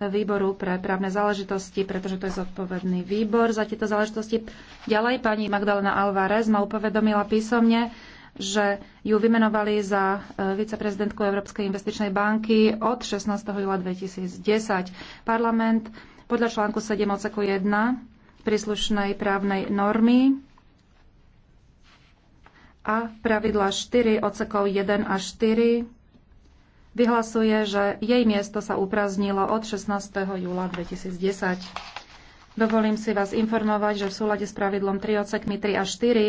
výboru pre právne záležitosti, pretože to je zodpovedný výbor za tieto záležitosti. Ďalej pani Magdalena Alvarez ma upovedomila písomne, že ju vymenovali za e, viceprezidentku Európskej investičnej banky od 16. júla 2010. Parlament podľa článku 7 odseku 1 príslušnej právnej normy a pravidla 4 odsekov 1 a 4 vyhlasuje, že jej miesto sa upraznilo od 16. júla 2010. Dovolím si vás informovať, že v súlade s pravidlom 3 odsekmi 3 a 4